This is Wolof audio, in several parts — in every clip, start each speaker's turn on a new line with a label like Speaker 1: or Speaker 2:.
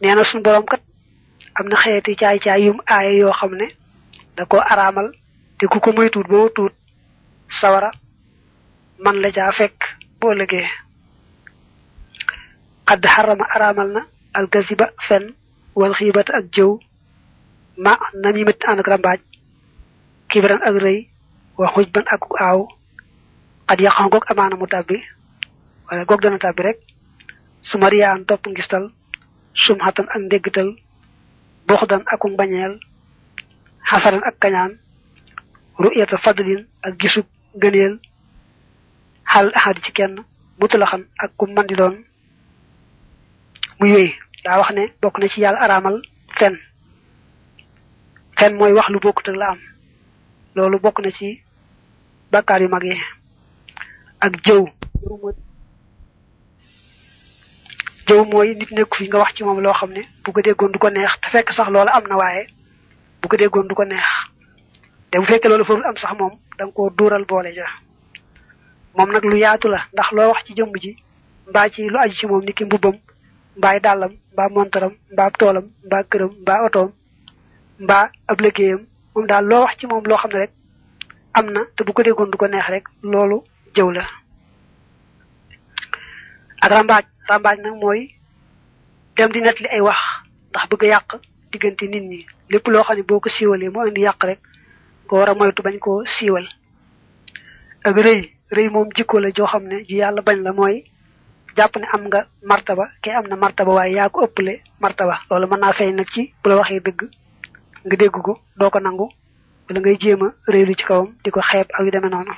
Speaker 1: nee na suñu borom kat am na xeeti caay-caay yum aaya yoo xam ne da ko araamal te ku ko muy tuut boo tuut sawara man la caa fekk boo ëllëgee xarama araamal algasiba fen wal xiibata ak jëw ma nami mët ànd ak rambaaj kibiran ak rëy wa xuj ban ak aaw xat yaqan goog amaana mu tàbbi wala goog dana tàbbi rek su ma riyaan topp ngistal sumhatan ak ndéggtal buxdan aku mbañeel xasaran ak kañaan ru'yata fadlin ak gisub gëneel xal ahadi ci kenn mutlaxan ak ku man di doon muy wéy daa wax ne bokk na ci yàlla araamal fen fen mooy wax lu bokkut la am loolu bokk na ci bàkkaar yu mag yi ak jëw jëw mooy nit nekk fi nga wax ci moom loo xam ne bu ko déggoon du ko neex te fekk sax loola am na waaye bu ko déggoon du ko neex te bu fekkee loolu farul am sax moom da nga koo duural boole ja moom nag lu yaatu la ndax loo wax ci jëmb ji mbaa ci lu aju ci moom niki mbubbam mbaay dàllam mbaa montaram mbaa toolam mbaa këram mbaa otoom mbaa ab liggéeyam moom daal loo wax ci moom loo xam ne rek am na te bu ko déggoon du ko neex rek loolu jëw la ak rambaaj nak moy, dem di netli ay wax ndax bëgg yàq diggante nit ñi lépp loo xam ne boo ko siiwalee mu andi yàq rek ko war a moytu bañ koo siiwal ak rëy rëy moom jikko la joo xam ji yàlla bañ la mooy jàpp ne am nga martaba ke am na martaba waaye yaa ko ëppale martaba loolu mën naa fay nag ci bu la waxee dëgg nga dégg ko doo ko nangu wala ngay jéem a réylu ci kawam di ko xeeb ak yu demee noonu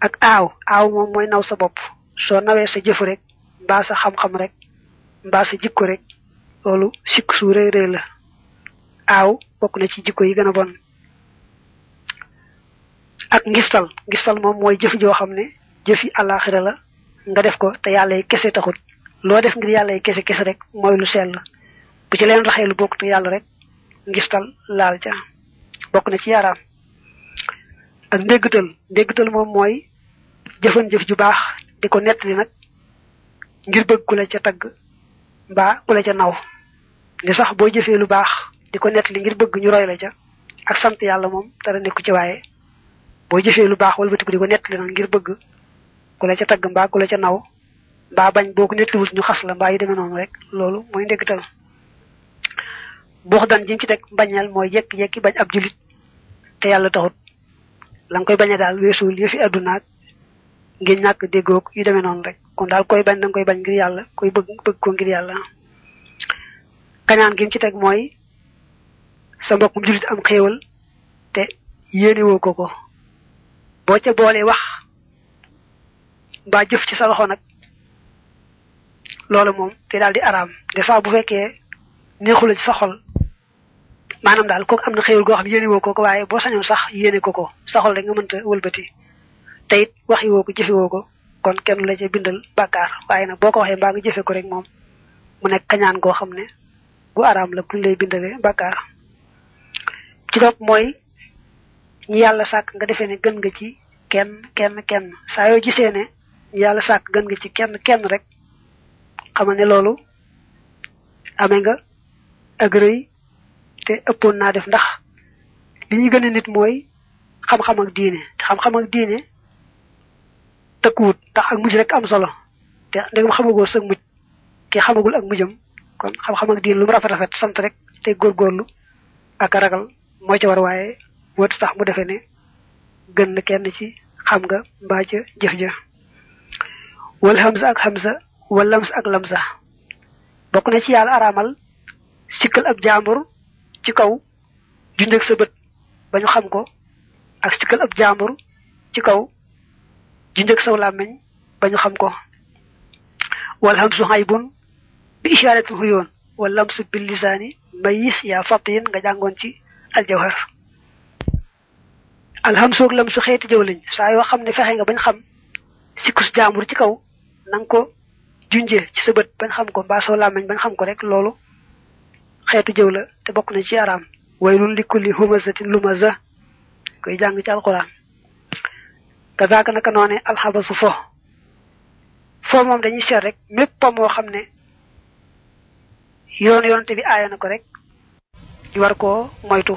Speaker 1: ak aaw aaw moom mooy naw sa bopp soo nawee sa jëf rek mbaa sa xam-xam rek mbaa sa jikko rek loolu sikk su rëy la aaw bokk na ci jikko yi gën a bon ak ngistal ngistal moom mooy jëf joo xam ne jëfi àllaaxira la nga def ko te yàlla yi kese taxut loo def ngir yàlla yi kese kese rek mooy lu sell bu ci leen raxee lu bokk te yàlla rek ngistal laal ca bokk na ci yaaraam ak ndéggtal ndéggtal moom mooy jëfan jëf ju baax di ko nettali nag ngir bëgg ku la ca tagg mbaa ku ca naw li sax boo jëfee lu baax di ko nett li ngir bëgg ñu roy la ca ak sant yàlla moom dara nekku ci waaye boo jëfee lu baax wala bëtiku di ko nett li nag ngir bëgg ku la ca tagg mbaa ku la ca naw mbaa bañ boo ko nettliwut ñu xas la mbaa yu demee noonu rek loolu mooy ndéggtal buux dan jim ci teg bañal mooy jekki-jekki bañ ab julit te yàlla taxut la koy bañe daal weesuul yëfi addunaak ngir ñàkk déggoog yu demee noonu rek kon daal koy bañ danga koy bañ ngir yàlla koy bëgg bëgg ko ngir yàlla kañaan gi ci teg mooy sa mbokkum jullit am xéewal te yéenewoo ko ko boo ca boolee wax mbaa jëf ci sa loxo nag loolu moom te daal di araam de sax bu fekkee neexula ci sa xol maanaam daal kooku am na xéewal goo xam yéenewoo ko ko waaye boo sañoon sax yéene ko ko sa xol rek nga mënta walbati te it waxi ko jëfe ko kon kenn la ci bindal bàkkaar waaye nag boo ko waxee mbaa nga jëfe ko rek moom mu nekk kañaan goo xam ne gu araam la buñ lay bindalee bàkkaar ci topp mooy ñi yàlla sàkk nga defee ne gën nga ci kenn kenn kenn saa yoo gisee yàlla sàkk gën nga ci kenn kenn rek xamal ne loolu amee nga ak rëy te ëppoon naa def ndax li ñu gën a nit mooy xam-xam ak diine xam-xam ak diine tëkkuwut ndax ak mujj rek am solo te ndegam xamagoo sa mujj ki xamagul ak mujjam kon xam-xam ak diin lum rafet rafet sant rek tey góorgóorlu ak ragal moo ca war waaye wootu tax mu defee ne gën na kenn ci xam nga mbaa ca jëf ja wal hamza ak hamza wal lams ak lamsa bokk na ci yàlla araamal sikkal ab jaambur ci kaw jundeeg sa bët ba xam ko ak sikkal ak jaambur ci kaw junjëg saw làmmiñ ba bañu xam ko wal hamsu haybun bi ishaaratin huyoon wal lamsu bil lisaani mayis yaa fatin nga jàngoon ci aljawhar alhamsoog lamsu xeeti jëw lañ saa yoo xam ne fexe nga bañ xam sikkus jaambur ci kaw na nga ko junjee ci sa bët bañ xam ko mbaa soo làmmiñ bañ xam ko rek loolu xeetu jëw la te bokk na ci araam waylun li kulli humazatin lumaza koy jàng ci alquran kazaaka naka noone alxabasu fo foo moom dañuy seet rek mépp moo xam ne yoon yoonte bi aaya na ko rek ñu war koo moytu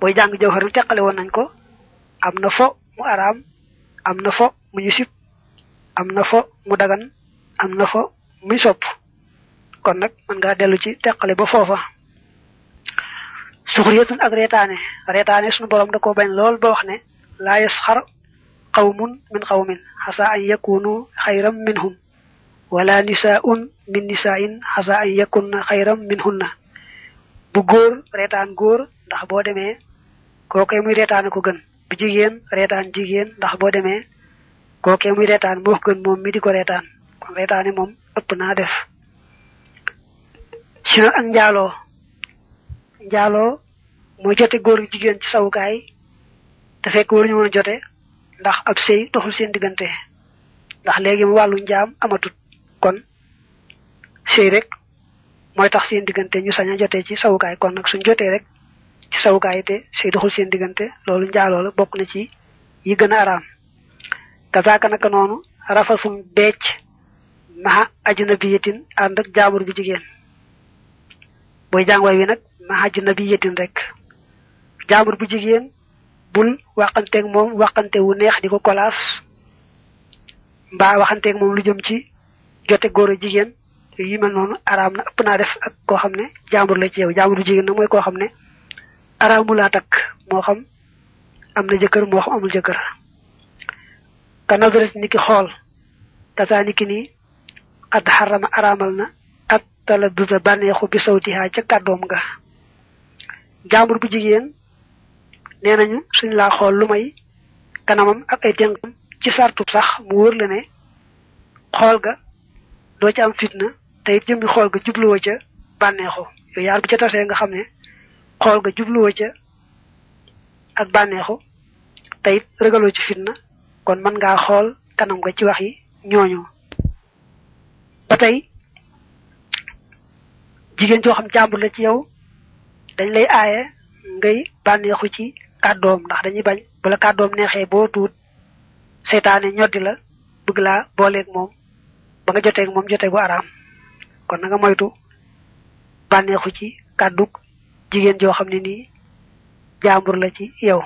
Speaker 1: booy jàng jawharul teqale woon nañ ko am na fo mu araam am na fo mu ñu am na fo mu dagan am na fo mu ñu kon nag mën ngaa dellu ci teqale ba foofa suxriyatun ak reetaane reetaane suñu borom da ko bañ lool ba wax ne laa xar qawmun min qawmin xasa an yakunu xayran minhum wala nisaun ay nisaain xasa an yakunna xayran minhunna bu góor reetaan góor ndax boo demee kookee muy reetaan ko gën bu jigéen reetaan jigéen ndax boo demee kookee muy reetaan moo gën moom mi ko reetaan kon reetaane moom ëpp naa def si nag ak njaaloo njaaloo mooy jote góor jigéen ci sawukaay te fekk waruñu woon a jote ndax ab sëy doxul seen diggante ndax léegi mu wàllu njaam amatut kon sëy rek mooy tax seen diggante ñu sañ a jotee ci sawukaay kon nag suñ jotee rek ci sawukaay te sëy doxul seen diggante loolu njaaloo la bokk na ci yi gën a araam kasaaka naka noonu rafasum becc maha ajnabiyatin ànd ak jaamur bu jigéen booy jàngooy wi nag maha ajnabiyatin rek jaamur bu jigéen bul waxanteeg moom waxante wu neex di ko kolaas mbaa waxanteeg moom lu jëm ci jote góor jigéen yi mel noonu araam na ëpp naa def ak koo xam ne jaambur la ci yow jaambur jigéen nag mooy koo xam ne araamu laa takk moo xam am na jëkkër moo xam amul jëkkër ka nazaret ni ki xool tasaa ni ki nii xadd xarama araamal na at tala dusa bànneexu bi sawtihaa ca kàddoom nga jaambur bu jigéen nee nañu suñ laa xool lu may kanamam ak ay tënkam ci sartu sax mu wër la ne xool ga doo ci am fitna tey jëmmi xool ga jubluwoo ca bànneexu yooyu yaar bu ca tasee nga xam ne xool ga jubluwoo ca ak bànneexu tey ragaloo ci fitna kon mën ngaa xool kanam nga ci wax yi ñooñu ba tey jigéen joo xam jàmbur la ci yow dañ lay aaye ngay bànneexu ci doom ndax dañuy bañ bu la kàddoom neexee boo tuut seytaane ñoddi la bëgg la booleeg moom ba nga joteeg moom jotee gu araam kon na nga moytu bànneexu ci kàddug jigéen joo xam ne ni jaambur la ci yow